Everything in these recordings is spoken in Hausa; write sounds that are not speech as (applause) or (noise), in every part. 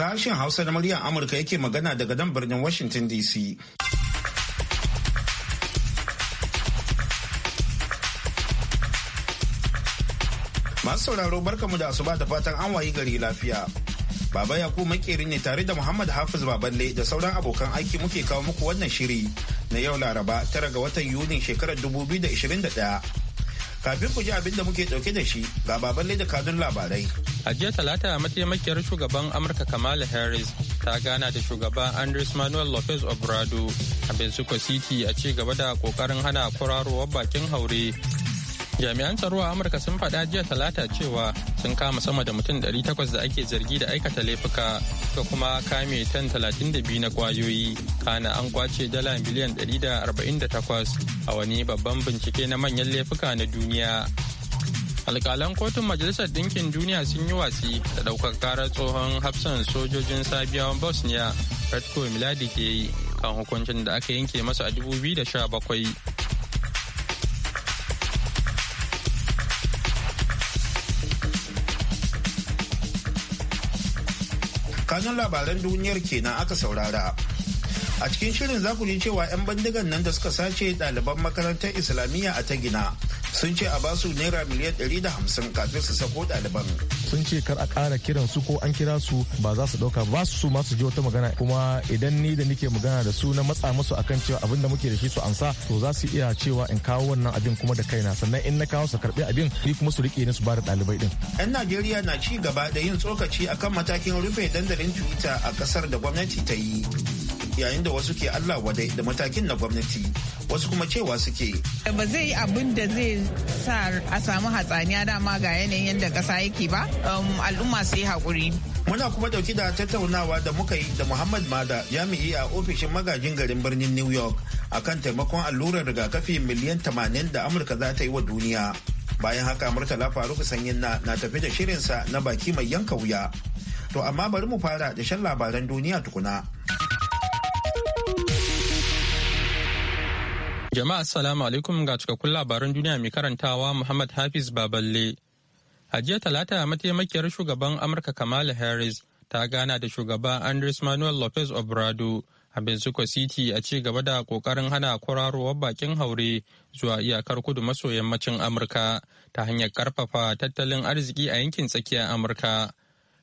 Sashen Hausa na muryar Amurka yake magana daga nan birnin Washington DC. Masu sauraro barkamu da asuba da fatan an wayi gari lafiya. Baba Yakubu makeri ne tare da Muhammad Hafiz Baballe da sauran abokan aiki muke kawo muku wannan shiri na yau Laraba tara ga watan Yuni shekarar 2021. Kafin ku ji abin da muke dauke da shi ga Baballe da Kanun labarai. A jiya talata mataimakiyar shugaban Amurka Kamala Harris ta gana da shugaba Andres Manuel Lopez Obrado a Mexico City a ci gaba da kokarin hana kwararowar bakin haure. Jami'an tsaro a Amurka sun faɗa jiya talata cewa sun kama sama da mutum 800 da ake zargi da aikata laifuka ga kuma kame tan 32 na kwayoyi kana an kwace dala miliyan 148 a wani babban bincike na manyan laifuka na duniya. alkalan kotun majalisar ɗinkin duniya sun yi watsi da ɗaukar karar tsohon hafsan sojojin sabiyawan bosnia ratko miladi ke yi kan hukuncin da aka yanke masa a bakwai. kanun labaran duniyar kenan aka saurara a cikin shirin za ku ji cewa 'yan bindigan nan da suka sace ɗaliban makarantar islamiyya a ta gina sun ce a basu naira miliyan hamsin kafin su sako ɗaliban. sun ce kar a ƙara kiran su ko an kira su ba za su ɗauka ba su ma su je wata magana kuma idan ni da nike magana da su na matsa musu akan cewa abin da muke da shi su ansa to za su iya cewa in kawo wannan abin kuma da kaina sannan in na kawo su karɓi abin ni kuma su riƙe ni su ba da ɗalibai ɗin. 'yan najeriya na ci gaba da yin tsokaci akan matakin rufe dandalin twitter a ƙasar da gwamnati ta yi yayin da wasu ke allah wadai da matakin na gwamnati. wasu kuma cewa suke ba zai yi abin da zai sa a samu hatsaniya dama ga yanayin yadda ƙasa yake ba um, al'umma su yi haƙuri Muna kuma ɗauki da tattaunawa da muka yi da Muhammad Mada jami'i a ofishin magajin garin birnin New York akan taimakon allurar rigakafi miliyan 80 da Amurka za ta yi wa duniya. Bayan haka Murtala Faruk Sanyin na, na tafi da shirinsa na baki mai yanka wuya. To amma bari mu fara da shan labaran duniya tukuna. Jama'a assalamu alaikum ga cikakkun labaran duniya mai karantawa Muhammad Hafiz Baballe. A jiya talata mataimakiyar shugaban Amurka Kamala Harris ta gana da shugaba Andres Manuel Lopez Obrado a Mexico City a ci gaba da kokarin hana kwararowar bakin haure zuwa iyakar kudu maso yammacin Amurka ta hanyar karfafa tattalin arziki a yankin tsakiyar Amurka.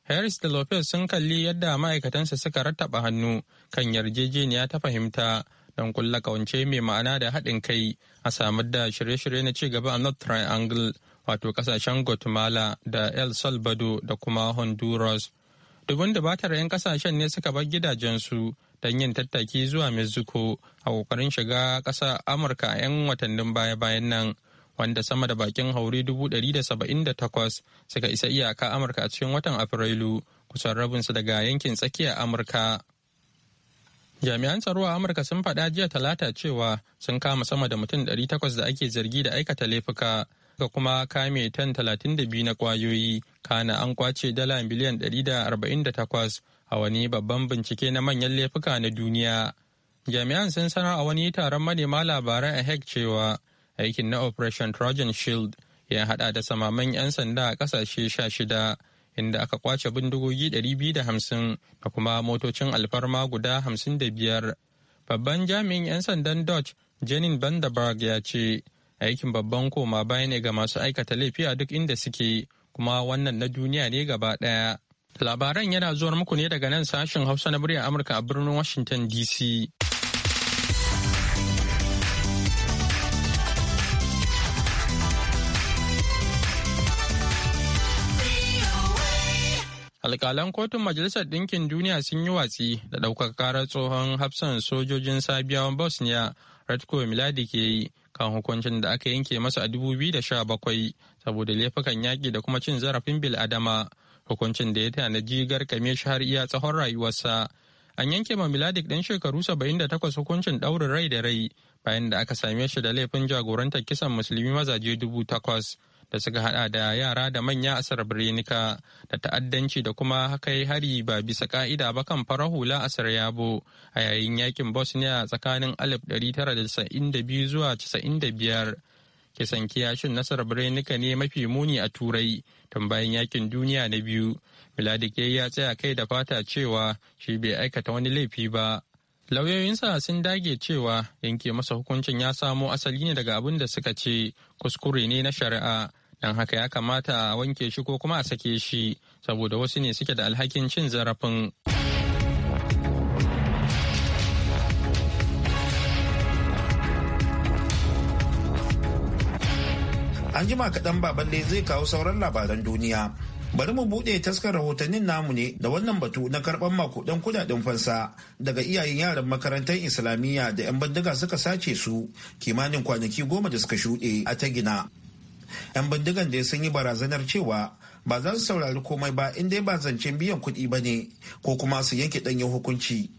Harris da Lopez sun kalli yadda ma'aikatansa suka rattaba hannu kan yarjejeniya ta fahimta don kulla kawance mai ma'ana da haɗin kai a samar da shirye-shirye na cigaba a north triangle wato kasashen guatemala da el salvador da kuma honduras dubun da batar 'yan kasashen ne suka bar gidajensu don yin tattaki zuwa mexico a kokarin shiga ƙasa amurka a 'yan watannin baya-bayan nan wanda sama da bakin haure 178 suka isa iyaka amurka a cikin watan afrilu kusan rabinsu daga yankin tsakiyar amurka Jami'an tsaro a Amurka sun faɗa jiya talata cewa sun kama sama da mutum 800 da ake zargi da aikata laifuka ga kuma kame tan 32 na kwayoyi kana an kwace dala miliyan 148 a wani babban bincike na manyan laifuka na duniya. Jami'an sun sanar a wani taron manema labarai a Hague cewa aikin na Operation Trojan Shield ya hada da samaman 'yan sanda a ƙasashe shida. inda aka kwace bindigogi 250 da kuma motocin alfarma guda 55. Babban jami'in 'yan sandan Dutch Janin Vandenberg ya ce, aikin babban koma baya ne ga masu aikata laifi a duk inda suke, kuma wannan na duniya ne gaba ɗaya. Labaran yana zuwar muku ne daga nan sashen Hausa na muryar Amurka a birnin Washington DC. alkalan kotun majalisar ɗinkin duniya sun yi watsi da ɗaukar karar tsohon hafsan sojojin sabiyawan bosnia ratko miladi ke yi kan hukuncin da aka yanke masa a 2017 saboda laifukan yaƙi da kuma cin zarafin bil adama hukuncin da ya tanaji garkame shi har iya tsawon rayuwarsa an yanke ma miladik ɗan shekaru da 78 hukuncin ɗaurin rai da rai bayan da aka same shi da laifin jagorantar kisan musulmi mazaje dubu takwas da suka hada da yara da manya a Srebrenica da ta'addanci da kuma kai hari ba bisa ka'ida ba kan farar hula a Sarajevo a yayin yakin Bosnia tsakanin 1992 zuwa 95. Kisan kiyashin na Srebrenica ne mafi muni a Turai tun bayan yakin duniya na biyu. Miladic ya tsaya kai da fata cewa shi bai aikata wani laifi ba. lauyoyinsa sun dage cewa yanke masa hukuncin ya samo asali ne daga abin da suka ce kuskure ne na shari'a don haka ya kamata a wanke shi ko kuma a sake shi saboda wasu ne suke da alhakin cin zarafin an jima kaɗan baban zai kawo sauran labaran duniya bari mu buɗe taskar rahotannin namu ne da wannan batu na karɓar makudan kudaden fansa daga iyayen yaran makarantar islamiyya da 'yan bindiga suka sace su kimanin kwanaki goma da suka shuɗe a ta gina 'yan bindigan da sun yi barazanar cewa ba za su saurari komai ba in dai ba zancen biyan kuɗi ba ne ko kuma su yanke ɗanyen hukunci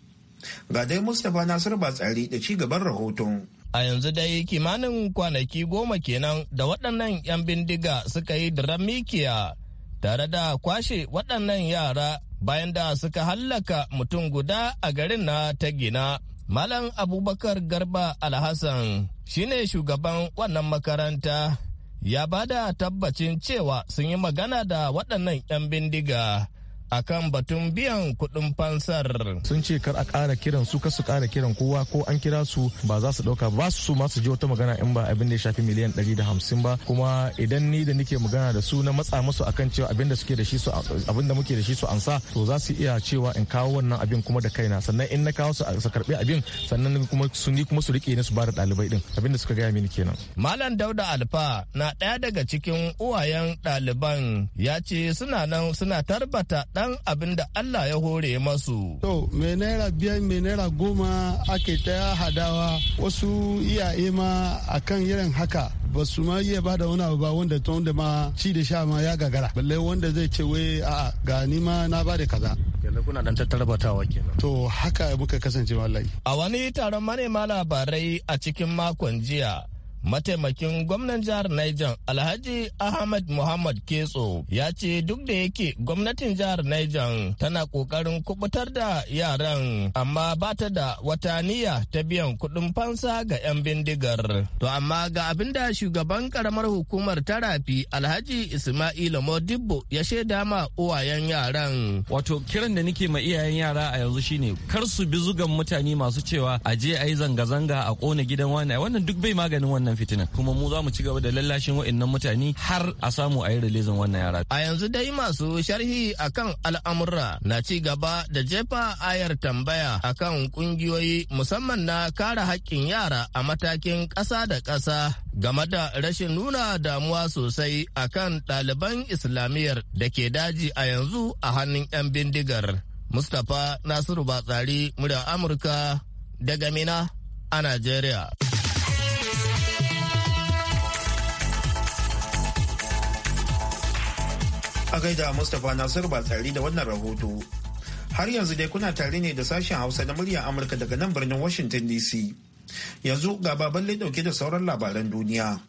ga dai mustapha nasir tsari da ci gaban rahoton a yanzu dai kimanin kwanaki goma kenan da waɗannan 'yan bindiga suka yi da diramikiya tare da kwashe waɗannan yara bayan da suka hallaka mutum guda a garin na ta gina. Malam Abubakar Garba Alhassan shine shugaban wannan makaranta ya ba da tabbacin cewa sun yi magana da waɗannan 'yan bindiga akan batun biyan kuɗin fansar. Sun ce kar a ƙara kiran su kar su ƙara kiran kowa ko an kira su ba za su ɗauka ba su ma su je wata magana in ba abin da ya shafi miliyan ɗari da hamsin ba kuma idan ni da nike magana da su na matsa musu akan cewa abin da suke da shi su abin da muke da shi su ansa to za su iya cewa in kawo wannan abin kuma da kaina sannan in na kawo su su karɓi abin sannan kuma su ni kuma su riƙe ni su ba da ɗalibai din abin da suka gaya mini kenan. Malam Dauda Alfa na ɗaya daga cikin uwayen ɗaliban ya ce suna nan suna tarbata dan abin da Allah ya hore masu. To, mai naira biyar mai naira goma ake ta hadawa wasu iyaye ma kan irin haka ba su ma iya ba da wani abu ba wanda ta wanda ma ci da sha ma ya gagara balle wanda zai ce wai a ga ni ma na ba da kaza Yanzu kuna dan ta kenan to haka muka kasance wallahi a wani taron manema labarai a cikin makon jiya mataimakin gwamnan jihar Niger Alhaji Ahmad Muhammad Ketso ya ce duk da yake gwamnatin jihar Niger tana kokarin kubutar da yaran amma ba ta da wata niyya ta biyan kuɗin fansa ga 'yan bindigar. To amma ga abin da shugaban karamar hukumar tarafi Alhaji Ismail Modibbo ya shaida ma uwayen yaran. Wato kiran da nake ma iyayen yara a yanzu shine kar su bi zugan mutane masu cewa aje ayi zanga-zanga a kona gidan wani wannan duk bai maganin wannan wannan fitinan kuma mu za mu ci gaba da lallashin wa'annan mutane har a samu a yi rilizin wannan yara a yanzu dai masu sharhi akan al'amurra na ci gaba da jefa ayar tambaya akan kungiyoyi musamman na kare haƙƙin yara a matakin ƙasa da ƙasa game da rashin nuna damuwa sosai akan ɗaliban islamiyyar da ke daji a yanzu a hannun 'yan bindigar mustapha nasiru batsari murya amurka daga mina a najeriya A gaida Mustapha Nasir ba tsari da wannan rahoto. Har yanzu dai kuna tare ne da sashen Hausa na murya Amurka daga nan birnin Washington DC. Yanzu ga baballe dauke da sauran labaran duniya.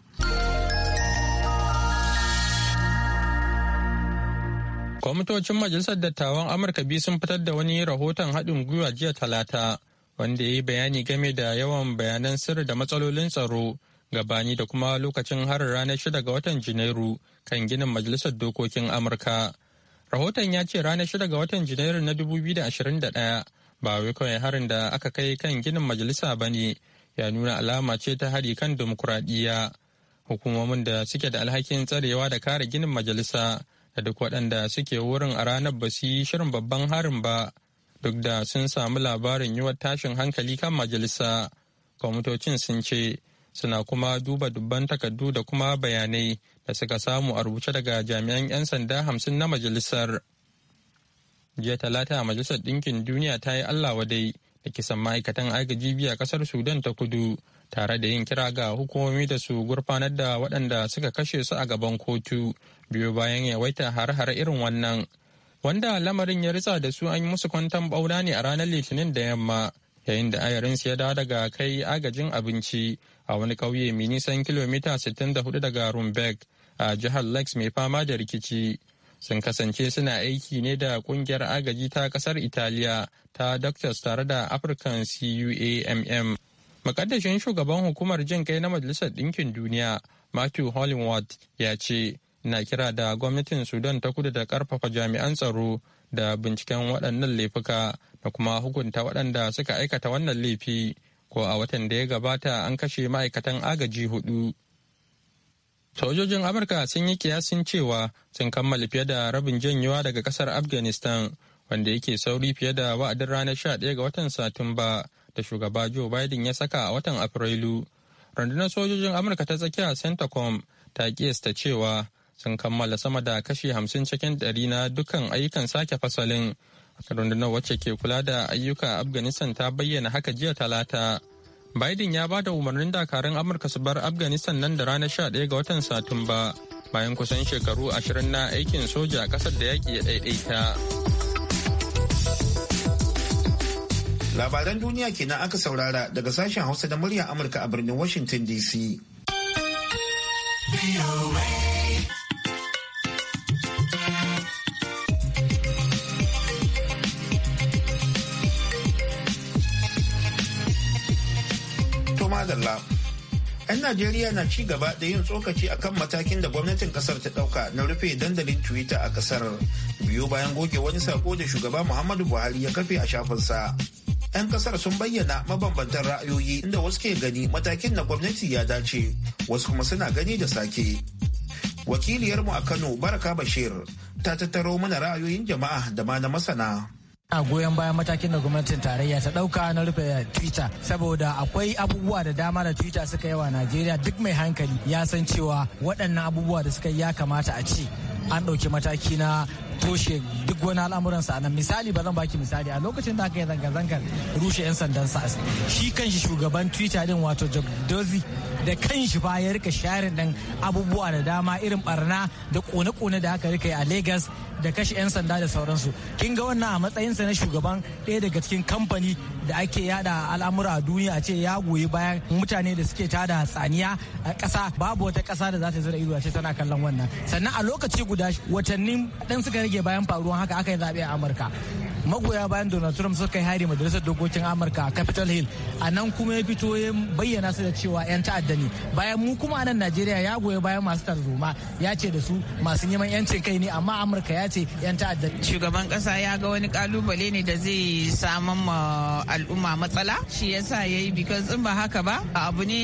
Kwamitocin Majalisar Dattawan Amurka biyu sun fitar da wani rahoton haɗin gwiwa jiya talata wanda ya yi bayani game da yawan bayanan sirri da matsalolin tsaro gabani da kuma lokacin harin ranar shida ga watan Janairu kan ginin Majalisar Dokokin Amurka. Rahoton ya ce ranar shida ga watan Janairu na 2021 ba wai kawai harin da aka kai kan ginin majalisa ba ne ya nuna alama ce ta hari kan demokuraɗiyya. Hukumomin da suke da alhakin tsarewa da kare ginin majalisa da duk waɗanda suke wurin a ranar ba su yi shirin babban harin ba duk da sun samu labarin yiwuwar tashin hankali kan majalisa. Kwamitocin sun ce suna kuma duba dubban takardu da kuma bayanai da suka samu a rubuce daga jami'an 'yan sanda hamsin na majalisar jiya talata a majalisar ɗinkin duniya ta yi allah wadai da kisan ma'aikatan agaji biya kasar sudan ta kudu tare da yin kira ga hukumomi da su gurfanar da waɗanda suka kashe su a gaban kotu biyu bayan yawaita har-har irin wannan wanda lamarin ya ritsa da su an yi musu kwantan ɓauna ne a ranar litinin da yamma yayin da ayarinsu ya dawo daga kai agajin abinci a wani ƙauye mai nisan kilomita 64 daga Rumbek a jihar Lakes mai fama da rikici. Sun kasance suna aiki ne da kungiyar agaji ta ƙasar Italiya ta Doctors tare da African CUAMM. Makaddashin shugaban hukumar jin kai na Majalisar Ɗinkin Duniya, Matthew Hollingworth, ya ce, na kira da gwamnatin Sudan ta kudu da ƙarfafa jami'an tsaro da binciken waɗannan laifuka da kuma hukunta waɗanda suka aikata wannan laifi. ko a watan da ya gabata an kashe ma'aikatan agaji hudu. Sojojin Amurka sun yi kiyasin cewa sun kammala fiye da rabin janyewa daga kasar Afghanistan wanda yake sauri fiye da wa'adin ranar 11 ga watan Satumba da shugaba Joe Biden ya saka a watan Afrilu. Rundunar sojojin Amurka ta tsakiya Centacom ta kiyasta cewa sun kammala sama da kashi hamsin cikin ɗari na dukkan ayyukan sake fasalin rundunar wacce ke kula da ayyuka a afghanistan ta bayyana haka jiya talata biden ya ba da umarnin dakarun amurka su bar afghanistan nan da ranar 11 ga watan satumba bayan kusan shekaru ashirin na aikin soja a kasar da yaƙi ya ɗaiɗaita labaran duniya kenan aka saurara daga sashen hausa da murya amurka a birnin washington dc madalla. 'Yan Najeriya na ci gaba da yin tsokaci akan matakin da gwamnatin kasar ta ɗauka na rufe dandalin Twitter a kasar biyu bayan goge wani sako da shugaba Muhammadu Buhari ya kafe a shafinsa. 'Yan kasar sun bayyana mabambantan ra'ayoyi inda wasu ke gani matakin na gwamnati ya dace, wasu kuma suna gani da sake. Wakiliyarmu a Kano Baraka Bashir ta tattaro mana ra'ayoyin jama'a da ma na masana. a goyon bayan matakin da gwamnatin tarayya ta dauka na rufe twitter saboda akwai abubuwa da dama da twitter suka yawa najeriya duk mai hankali ya san cewa waɗannan abubuwa da suka ya kamata a ci an ɗauki mataki na toshe duk wani al'amuran sa nan misali ba zan baki misali a lokacin da aka yi zanga-zangar rushe 'yan sandan sas shi kanshi shugaban twitter din wato jack dozy da kanshi ba ya rika sharin dan abubuwa da dama irin barna da kone-kone da aka rika yi a lagos da kashe 'yan sanda da sauransu kin ga wannan a matsayinsa na shugaban ɗaya daga cikin kamfani da ake yada al'amura a duniya a ce ya goyi bayan mutane da suke tada hatsaniya a ƙasa babu wata ƙasa da za ta zira ido a ce tana kallon wannan sannan a lokaci guda guda watanni dan suka rage bayan faruwan haka aka yi zaɓe a amurka magoya bayan donald trump suka kai hari majalisar dokokin amurka a capitol hill a nan kuma ya fito ya bayyana su da cewa 'yan ta'adda ne bayan mu kuma a nan najeriya ya goya bayan masu tarzoma ya ce da su masu neman 'yancin kai ne amma amurka ya ce 'yan ta'adda shugaban kasa ya ga wani kalubale ne da zai saman ma al'umma matsala shi yasa ya yi because in ba haka ba abu ne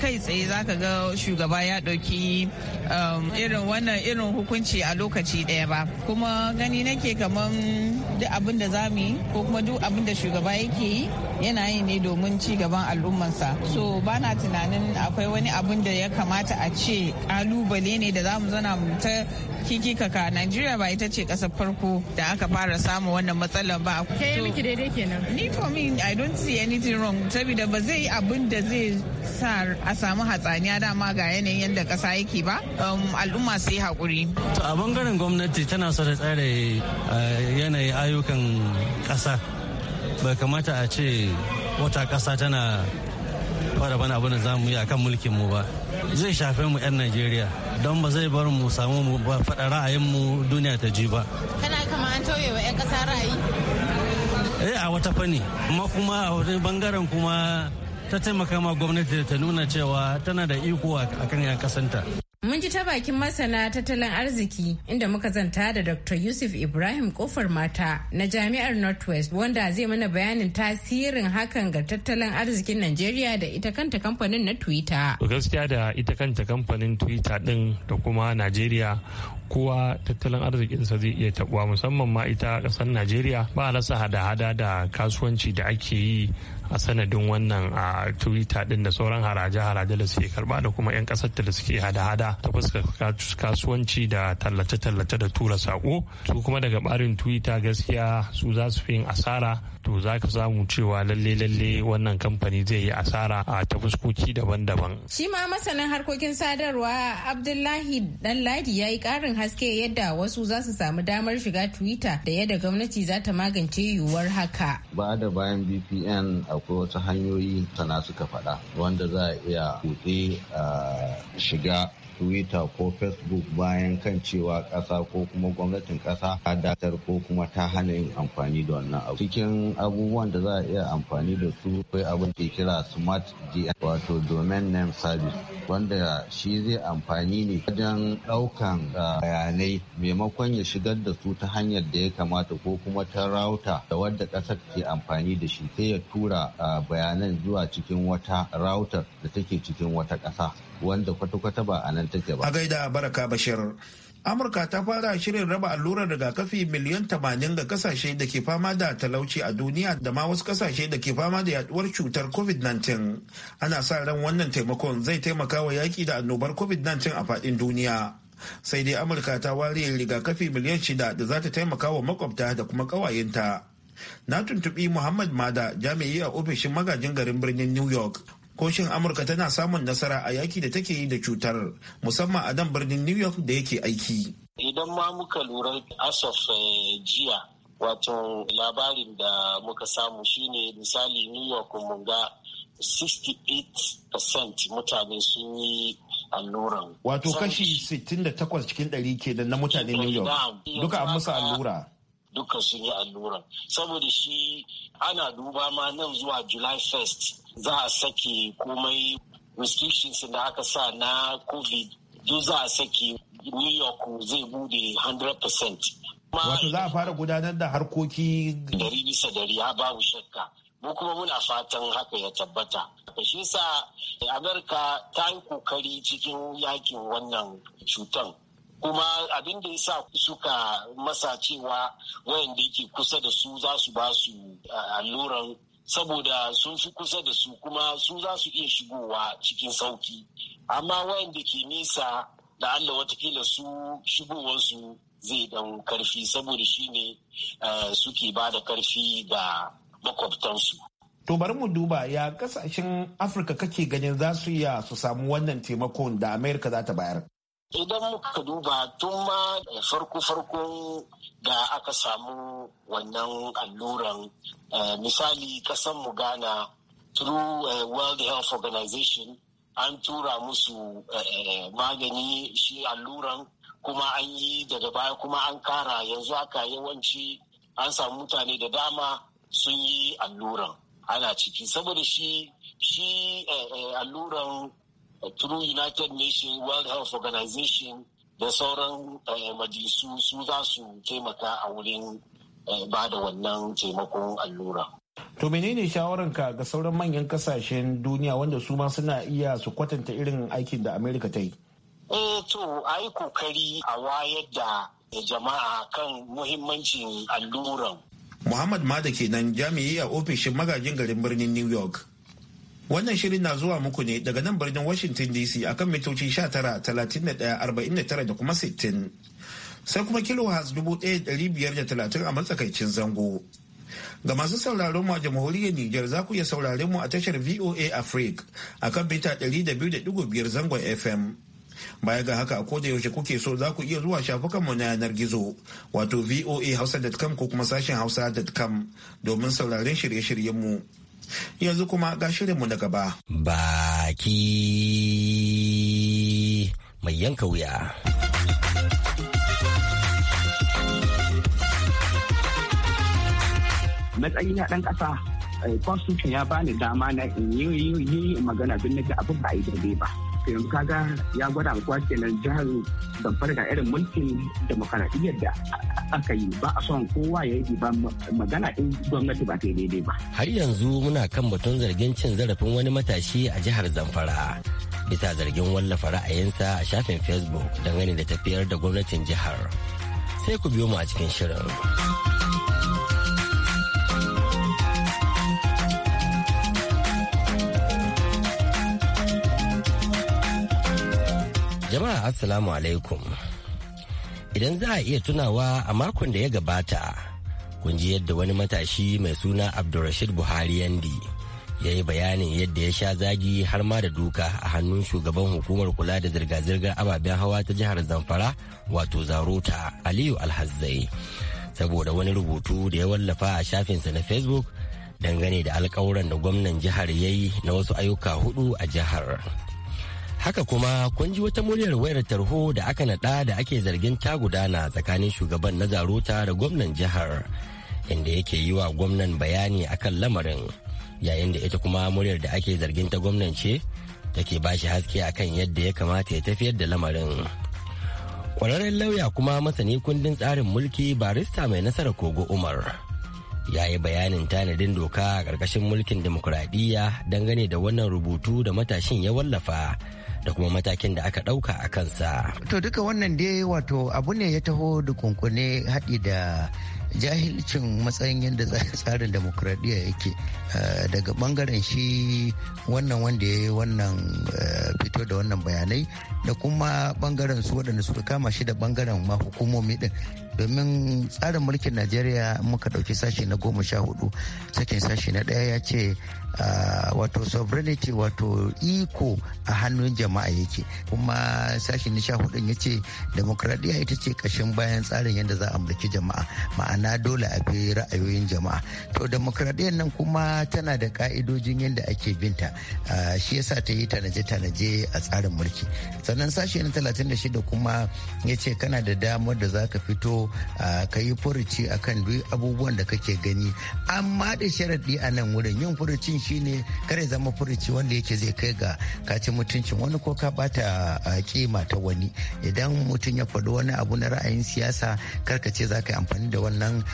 kai tsaye za ka ga shugaba ya ɗauki um, irin wannan irin hukunci a lokaci ɗaya ba kuma gani nake kamar duk abin da za mu yi ko kuma duk abin da shugaba yake yi yana yi ne domin ci gaban al'ummansa so ba na tunanin akwai wani abin da ya kamata a ce kalubale ne da za mu zana mu ta kikikaka Najeriya ba ita ce kasar farko da aka fara samu wannan matsalar ba. Ke yi miki daidai kenan. Ni for me I don't see anything wrong saboda ba zai yi abin da zai sa a samu hatsaniya dama ga yanayin yadda kasa yake ba. Um, al'umma sai haƙuri. To a bangaren gwamnati tana so ta tsare eh, yanayin ayyukan ƙasa. ba kamata a ce wata ƙasa tana fara bana abin da za mu yi akan mulkin mu ba. zai shafe mu 'yan najeriya don ba zai bar mu samu mu faɗa mu duniya ta ji ba kana kama an tauye wa 'yan ƙasa ra'ayi eh a wata fani amma kuma a wani bangaren kuma ta taimaka ma gwamnati ta nuna cewa tana da iko a kan 'yan kasanta Mun ji ta bakin masana tattalin arziki inda muka zanta da Dr. Yusuf Ibrahim Kofar Mata na Jami'ar Northwest wanda zai mana bayanin tasirin hakan ga tattalin arzikin Najeriya da ita kanta kamfanin na Twitter. Gaskiya da ita kanta kamfanin Twitter ɗin da kuma Najeriya kowa tattalin arzikinsa zai iya tabuwa musamman ma ita kasar najeriya ba rasa hada-hada da kasuwanci da ake yi a sanadin wannan a twitter din da sauran haraje-haraje da suke karba da kuma 'yan kasar da suke hada-hada ta fuskar kasuwanci da tallace-tallace da tura sako su kuma daga barin twitter gaskiya su za su fi yin asara to za ka samu cewa lalle-lalle wannan kamfani zai yi asara a ta fuskoki daban-daban shi ma masanin harkokin sadarwa abdullahi danladi ya yi karin haske yadda wasu za su samu damar shiga twitter da yadda gwamnati za ta magance yiwuwar haka ba da bayan vpn akwai wata hanyoyi tana suka faɗa wanda za a iya kutse ah, shiga twitter ko facebook bayan kan cewa ƙasa ko kuma gwamnatin ƙasa ta datar ko kuma ta hana yin amfani da wannan abu cikin abubuwan da za a iya amfani da su kai abin da kira smart dn wato domain name service wanda shi zai amfani ne wajen ɗaukan ah, bayanai maimakon ya shigar da su ta hanyar da ya kamata ko kuma ta rauta da wadda ƙasar ke amfani da shi sai ya tura ah, bayanan zuwa cikin wata rautar da take cikin wata ƙasa wanda kwata-kwata ba a nan take ba. A gaida baraka bashir. Amurka ta fara shirin raba allurar rigakafi miliyan tamanin ga kasashe da ke fama da talauci a duniya da ma wasu kasashe da ke fama da yaduwar cutar COVID-19. Ana sa ran wannan taimakon zai taimaka wa yaki da annobar COVID-19 a faɗin duniya. Sai dai Amurka ta ware rigakafi miliyan shida da za ta taimaka wa makwabta da kuma ƙawayenta. Na tuntuɓi Muhammad Mada jami'i a ofishin magajin garin birnin New York ko amurka tana samun nasara a yaki da take yi da cutar musamman a nan birnin new york da yake aiki idan ma muka lura asaf eh, jiya wato labarin da muka samu shine misali new york mun ga 68% mutane sun yi alluran. Wato kashi 68 cikin 100 kenan na mutane New York. Duka an musu allura. dukkan sun yi alluran saboda shi ana duba ma nan zuwa july 1st za a sake komai restrictions da aka sa na covid duk za a sake new york zai bude 100% wato za a fara gudanar da harkoki dari bisa dari ya babu shakka mu kuma muna fatan haka ya tabbata shi sa amurka ta yi kokari cikin yakin wannan cutan kuma abin da ya sa suka masa cewa wayanda yake kusa da su za su ba su alluran saboda sun fi kusa da su kuma su za su iya shigowa cikin sauki amma wayanda ke nisa da Allah watakila su shigowarsu zai dan karfi saboda shi ne suke ba da karfi ga makwabtansu. To bari mu duba ya kasashen Afirka kake ganin za su iya su samu wannan taimakon da Amerika za ta bayar. Idan muka duba tun ma farko farko da aka samu wannan alluran eh, misali mu gana through eh, World Health Organization an tura musu eh, magani shi alluran kuma an yi daga baya kuma an kara yanzu aka yawanci an samu mutane da dama sun yi alluran ana ciki saboda shi shi alluran through United Nations World Health Organization da sauran eh, majalisu su za su taimaka a wurin eh, ba da wannan taimakon allura. To menene shawararka ga sauran manyan kasashen duniya wanda su ma suna iya su kwatanta irin aikin da Amerika ta yi? Eh to a yi kokari a wayar da jama'a kan muhimmancin alluran. Muhammad Mada kenan jami'i a ofishin magajin garin birnin New York. Wannan shirin na zuwa muku ne daga nan birnin Washington DC akan mitoci 19, 31, 49 da kuma 60. Sai kuma kilohertz 1530 a matsakaicin zango. Ga masu sauraron mu a jamhuriyar Nijar za ku iya sauraren mu a tashar VOA Africa a kan bita 200.5 zangon FM. Baya ga haka a da yaushe kuke so za ku iya zuwa shafukan mu na yanar gizo wato voa hausa.com ko kuma sashen hausa.com domin sauraren shirye shiryen mu. yanzu kuma ga shirinmu na gaba. Baki mai yanka wuya. Matsayi na ɗan ƙasa, eh, constitution ya bani dama na yi magana don ga abin ba a yi ba. yanzu kaga ya gwada kuwa kenan jihar zamfara ga irin mulkin demokaradiyyar da aka yi ba a son kowa ya yi ba magana in gwamnati ba ta yi daidai ba. Har yanzu muna kan batun zargin cin zarafin wani matashi a jihar Zamfara. Bisa zargin wallafa ra'ayinsa a shafin Facebook dangane da tafiyar da gwamnatin jihar. Sai ku biyo mu a cikin shirin. Jama'a Assalamu alaikum. Idan za a iya tunawa a makon da ya gabata, kun ji yadda wani matashi mai suna Abdulrashid Buhari Yandi ya yi bayanin yadda ya sha zagi har ma da duka a hannun shugaban hukumar kula da zirga-zirgar ababen hawa ta jihar Zamfara wato Zarota Aliyu Alhazzai. Saboda wani rubutu da ya wallafa a shafinsa na Facebook dangane da alkawuran da gwamnan jihar ya yi na wasu ayyuka hudu a jihar. haka kuma kun ji wata muryar wayar tarho da aka naɗa da ake zargin ta gudana tsakanin shugaban na zaruta da gwamnan jihar inda yake yi wa gwamnan bayani akan lamarin yayin da ita kuma muryar da ake zargin ta gwamnan ce take ba shi haske akan yadda ya kamata ya tafiyar da lamarin kwararren lauya kuma masani kundin tsarin mulki barista mai nasara kogo umar ya yi bayanin tanadin doka a ƙarƙashin mulkin demokuraɗiyya dangane da wannan rubutu da matashin ya wallafa da kuma matakin da aka ɗauka a kansa. To duka wannan dai wato abu ne ya taho da kunkune haɗi da jahilcin matsayin yadda tsarin demokuraɗiyya yake eh, daga bangaren shi wannan wanda ya yi wannan eh, fito da wannan bayanai da kuma bangaren su waɗanda suka kama shi da bangaren ma hukumomi ɗin domin tsarin mulkin najeriya muka ɗauki sashi na goma sha hudu sakin sashi na ɗaya ya ce ah, wato sovereignty wato iko a hannun jama'a yake kuma sashi na sha hudun ya ce demokradiyya ita ce kashin bayan tsarin yadda za a mulki jama'a ma'ana dole a bi ra'ayoyin jama'a to demokradiyyar nan kuma tana da ka'idojin yadda ake binta ah, shi yasa ta yi tanaje-tanaje a tsarin mulki sannan sashi na talatin da shida kuma ya ce kana da damar da za ka fito fito ka yi furuci kan duk abubuwan da kake gani amma da sharaɗi a nan wurin yin furucin shine kare zama furuci wanda yake zai kai ga kaci mutuncin wani ko ka bata kima ta wani idan mutum ya faɗi wani abu na ra'ayin siyasa kar ka ce za ka yi amfani da wannan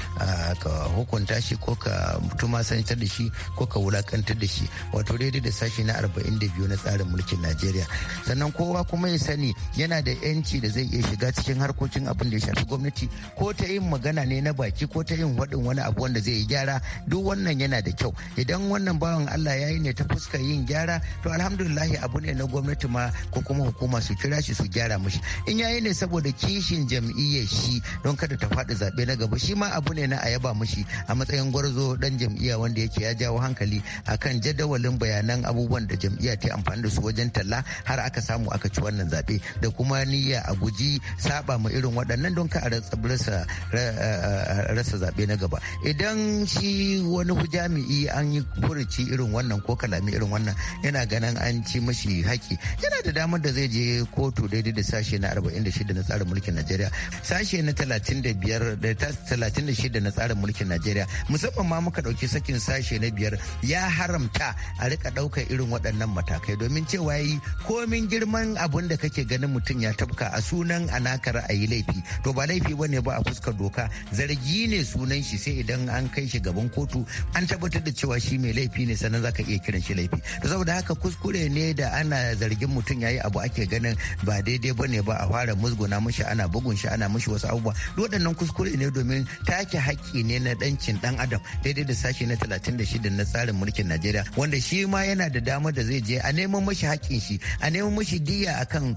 ka hukunta shi ko ka tuma sanitar da shi ko ka wulakantar da shi wato daidai da sashi na 42 na tsarin mulkin najeriya sannan kowa kuma ya sani yana da yanci da zai iya shiga cikin harkokin abin da ya shafi gwamnati ko ta yin magana ne na baki ko ta yin waɗin wani abu wanda zai yi gyara duk wannan yana da kyau idan wannan bawan Allah ya yi ne ta fuskar yin gyara to alhamdulillah abu ne na gwamnati ma ko kuma hukuma su kira shi su gyara mishi in ya yi ne saboda kishin jam'iyyar shi don kada ta faɗi zaɓe na gaba shi ma abu ne na a yaba mishi a matsayin gwarzo dan jam'iyya wanda yake ya jawo hankali akan jadawalin bayanan abubuwan da jam'iyya ta amfani da su wajen talla har aka samu aka ci wannan zaɓe da kuma niyya a guji saba ma irin waɗannan don ka a rasa zaɓe na gaba idan shi wani jami'i an yi furuci irin wannan ko kalami irin wannan yana ganin an ci mashi haƙi yana da damar da zai je kotu daidai da sashe na 46 na tsarin mulkin najeriya sashe na 35 da 36 na tsarin mulkin najeriya musamman ma muka ɗauki sakin sashe na biyar ya haramta a rika ɗaukar irin waɗannan matakai domin cewa yi komin girman abun da kake ganin mutum ya tabka a sunan a ra'ayi laifi to ba laifi bane ne ba a fuskar doka zargi ne sunan shi sai idan an kai shi gaban kotu an tabbatar da cewa shi mai laifi ne sannan zaka iya kiran shi laifi to saboda haka kuskure ne da ana zargin mutum yayi abu ake ganin ba daidai bane ba a fara musguna mishi ana bugun shi ana mishi wasu abubuwa duk waɗannan kuskure ne domin take haƙƙi ne na ɗancin ɗan adam daidai da sashe na 36 na tsarin mulkin Najeriya wanda shi ma yana da damar da zai je a neman mashi haƙƙin shi a neman mashi diya akan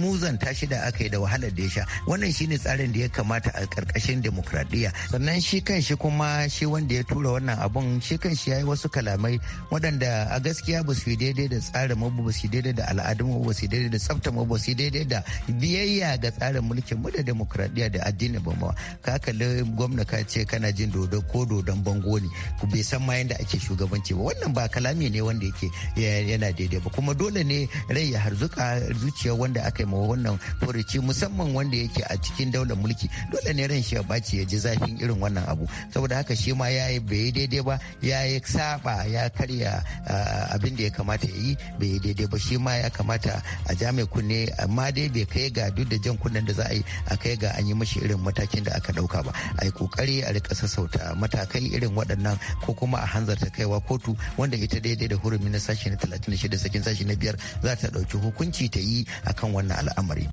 muzan tashi da aka yi da wahalar da ya sha wannan shine tsarin da ya kamata kamata a karkashin demokradiyya sannan shi kan shi kuma shi wanda ya tura wannan abun shi kan shi yi wasu kalamai waɗanda a gaskiya ba su yi daidai da tsarin mu ba su daidai da al'adun mu ba su daidai da tsafta mu ba su daidai da biyayya ga tsarin mulkin mu da demokradiyya da addini ba ma ka kalli gwamna ka ce kana jin dodo ko dodon bango ne ku bai san ma yadda ake shugabanci ba wannan ba kalami ne wanda yake yana daidai ba kuma dole ne rai ya harzuka zuciya wanda aka yi ma wannan furuci musamman wanda yake a cikin daular mulki dole ne ran shi ya ɓaci ya ji zafin irin wannan abu saboda haka shi ma ya yi bai daidai ba ya yi saba ya karya ah, abin da ya kamata ya yi bai daidai ba shi ma ya kamata a jami'a kunne amma dai bai kai ga duk da jan kunnen da za a yi a kai ga an yi mashi irin matakin da aka ɗauka ba a yi ƙoƙari a rika sassauta matakai irin waɗannan ko kuma a hanzarta kaiwa kotu wanda ita daidai da hurumi na sashi na 36 sakin sashi na biyar za ta ɗauki hukunci ta yi akan wannan al'amari.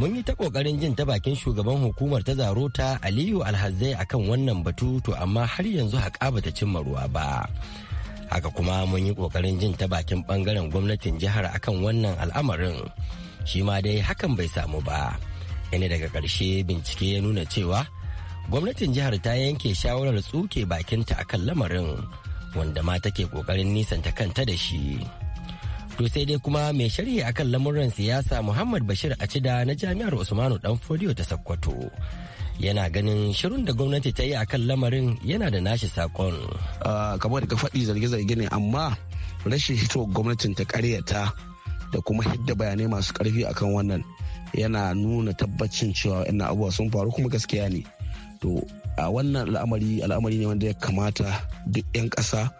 mun yi ta kokarin jin ta bakin shugaban hukumar ta zaro ta aliyu alhazai akan wannan batu to amma har yanzu haƙa bata cimma ruwa ba haka kuma mun yi kokarin jin ta bakin bangaren gwamnatin jihar akan wannan al'amarin shi ma dai hakan bai samu ba yana daga ƙarshe bincike ya nuna cewa gwamnatin jihar ta yanke shawarar tsuke bakinta akan lamarin wanda ma take kokarin nisanta kanta da shi. To sai dai kuma mai sharhi akan lamuran siyasa Muhammad Bashir a cida na Jami'ar Usmanu dan Danfodiyo ta Sokoto. yana ganin shirin da gwamnati ta yi akan lamarin yana da nashi sakon. Ah, kamar da ka faɗi zarge-zarge ne amma rashin hito gwamnatin ta ƙaryata da kuma hidda bayanai masu ƙarfi akan wannan yana nuna tabbacin cewa ina abuwa sun faru kuma gaskiya ne to a wannan al'amari al'amari ne wanda ya kamata duk 'yan ƙasa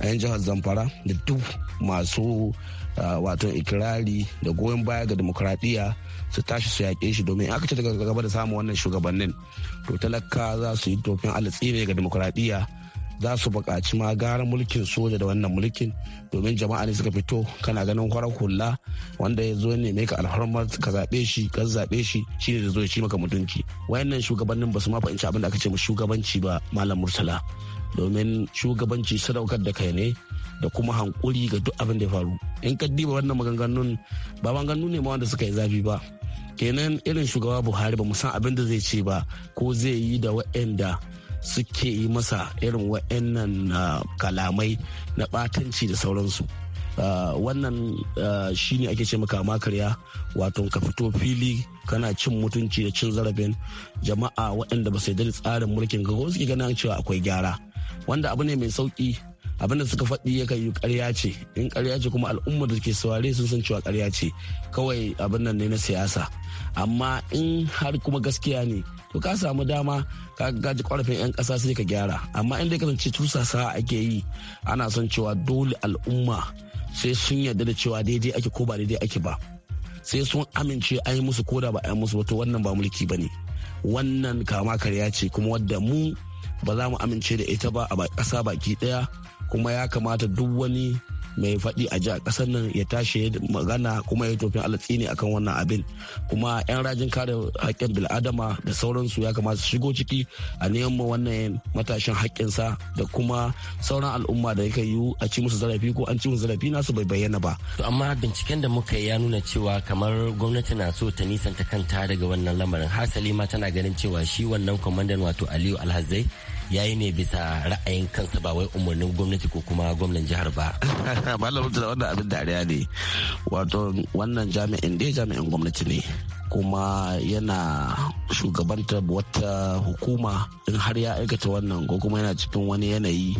a 'yan jihar zamfara da duk masu wato ikirari da goyon baya ga demokradiyya su tashi su yaƙe shi domin aka ce daga gaba da samun wannan shugabannin to talaka za su yi tofin alatsire ga demokradiyya za su buƙaci ma gara mulkin soja da wannan mulkin domin jama'a ne suka fito kana ganin kwarar hula wanda ya zo ne mai ka alhormar ka zaɓe shi ka zaɓe shi shi ne da zo ya ci maka mutunci wayannan shugabannin ba su ma fahimci abin da aka ce mu shugabanci ba malam murtala domin shugabanci sadaukar da kai ne da kuma hankuri ga duk abin da ya faru in ka diba wannan maganganun ba maganganu ne ma wanda suka yi zafi ba kenan irin shugaba buhari ba san abin da zai ce ba ko zai yi da wa'anda suke yi masa irin wa'annan ah, kalamai na batanci da sauransu ah, wannan ah, shi ne ake ce maka karya wato ka fito fili kana cin mutunci da cin zarafin jama'a waɗanda ba su yi da tsarin mulkin ga suke ganin cewa akwai gyara wanda abu ne mai sauki abin da suka faɗi ya yi ƙarya ce in ƙarya ce kuma al'ummar da ke saurare sun san cewa ƙarya ce kawai abin nan ne na siyasa amma in har kuma gaskiya ne to ka samu dama ka gaji ƙwarafin 'yan ƙasa sai ka gyara amma inda ya kasance tusasa ake yi ana son cewa dole al'umma sai sun yarda da cewa daidai ake ko ba daidai ake ba sai sun amince an yi musu koda ba a yi musu wato wannan ba mulki ba ne wannan kama karya ce kuma wadda mu ba za mu amince da ita ba a ƙasa baki ɗaya kuma ya kamata duk wani mai faɗi a ji a ƙasar nan ya tashi magana kuma ya tofin alatsi ne akan wannan abin kuma 'yan rajin kare haƙƙin bil'adama da sauransu ya kamata su shigo ciki a neman wannan matashin haƙƙinsa da kuma sauran al'umma da yake yiwu a ci musu zarafi ko an ci musu zarafi nasu bai bayyana ba. to amma binciken da muka yi ya nuna cewa kamar gwamnati na so ta nisanta kanta daga wannan lamarin hasali ma tana ganin cewa shi wannan kwamandan wato aliyu alhazai ya yi ne bisa ra'ayin kansa ba wai umarnin gwamnati ko kuma gwamnan jihar ba. (laughs) Malam da wannan abin dariya ne wato wannan jami'in dai jami'in gwamnati ne. kuma yana shugabanta wata hukuma in har ya aikata wannan ko kuma yana cikin wani yanayi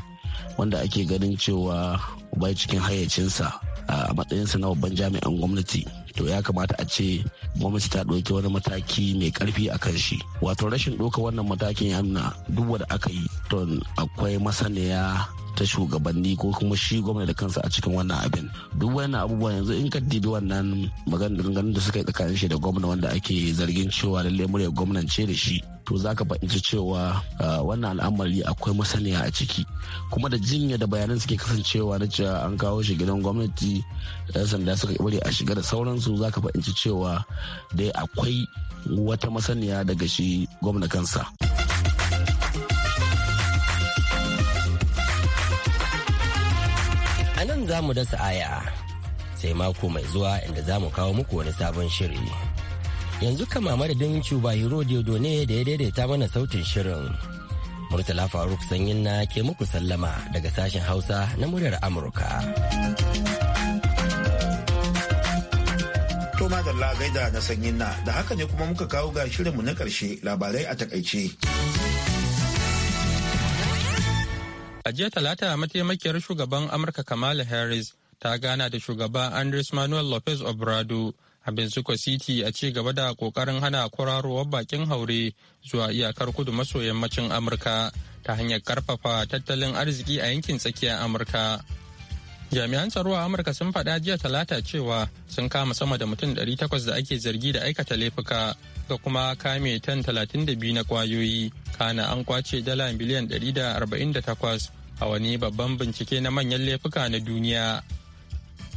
wanda ake ganin cewa bai cikin hayyacinsa a matsayinsa na babban jami'an gwamnati to ya kamata a ce gwamnati ta ɗauki wani mataki mai ƙarfi a kan shi wato rashin ɗauka wannan matakin ya nuna duk wanda aka yi to akwai masaniya ta shugabanni ko kuma shi gwamnati da kansa a cikin wannan abin duk wani abubuwa yanzu in ka dibi wannan maganganun da suka yi tsakanin shi da gwamna wanda ake zargin cewa lallai murya gwamnan ce da shi to za ka fahimci cewa wannan al'amari akwai masaniya a ciki kuma da jinya da bayanan suke kasancewa na cewa an kawo shi gidan gwamnati 'yan sanda suka bari a shiga da sauransu su za ka fahimci cewa dai akwai wata masaniya daga shi gwamna kansa. A nan za mu dasa aya sai mako mai zuwa inda za mu kawo muku wani sabon shiri. Yanzu kama madadin Cuba Hero ne da ya daidaita mana sautin shirin. Murtala Faruk Sanyin na ke muku sallama daga sashen Hausa na muryar Amurka. To madalla gaida na sanyin na da haka ne kuma muka kawo ga shirinmu na ƙarshe labarai a takaice. A jiya talata mataimakiyar shugaban Amurka Kamala Harris ta gana da shugaba Andres Manuel Lopez Obrado a Benzico City a cigaba da kokarin hana kwararowar bakin haure zuwa iyakar kudu maso yammacin Amurka ta hanyar karfafa tattalin arziki a yankin tsakiyar Amurka. Jami'an tsaro a Amurka sun faɗa jiya talata cewa sun kama sama da mutum 800 da ake zargi da aikata laifuka ga kuma kame tan 32 na kwayoyi kana an kwace dala miliyan 148 a wani babban bincike na manyan laifuka na duniya.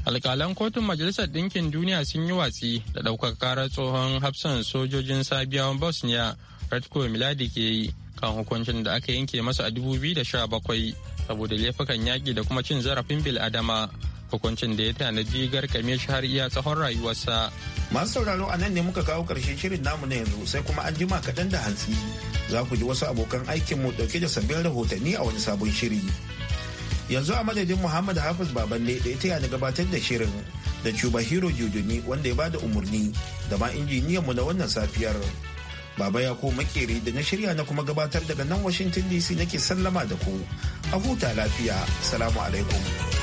alkalan kotun Majalisar Ɗinkin Duniya sun yi watsi da ɗaukar karar tsohon hafsan sojojin Sabiyawan Bosnia Ratko Miladi ke yi kan hukuncin da aka yanke masa a 2017 saboda laifukan yaƙi da kuma cin zarafin bil'adama hukuncin da ya tanaji garkame shi har iya tsawon rayuwarsa. Masu sauraro a nan ne muka kawo ƙarshen shirin namu na yanzu sai kuma an jima kaɗan da hantsi. Za ku ji wasu abokan aikinmu ɗauke da sabbin rahotanni a wani sabon shiri. Yanzu a madadin Muhammad Hafiz babanne da ya taya ni gabatar da shirin da Cuba Hero Jujuni wanda ya bada umarni da ma injiniyanmu na wannan safiyar. Baba ya ko makere da na shirya na kuma gabatar daga nan Washington DC nake sallama da ku. A huta lafiya. Salamu alaikum.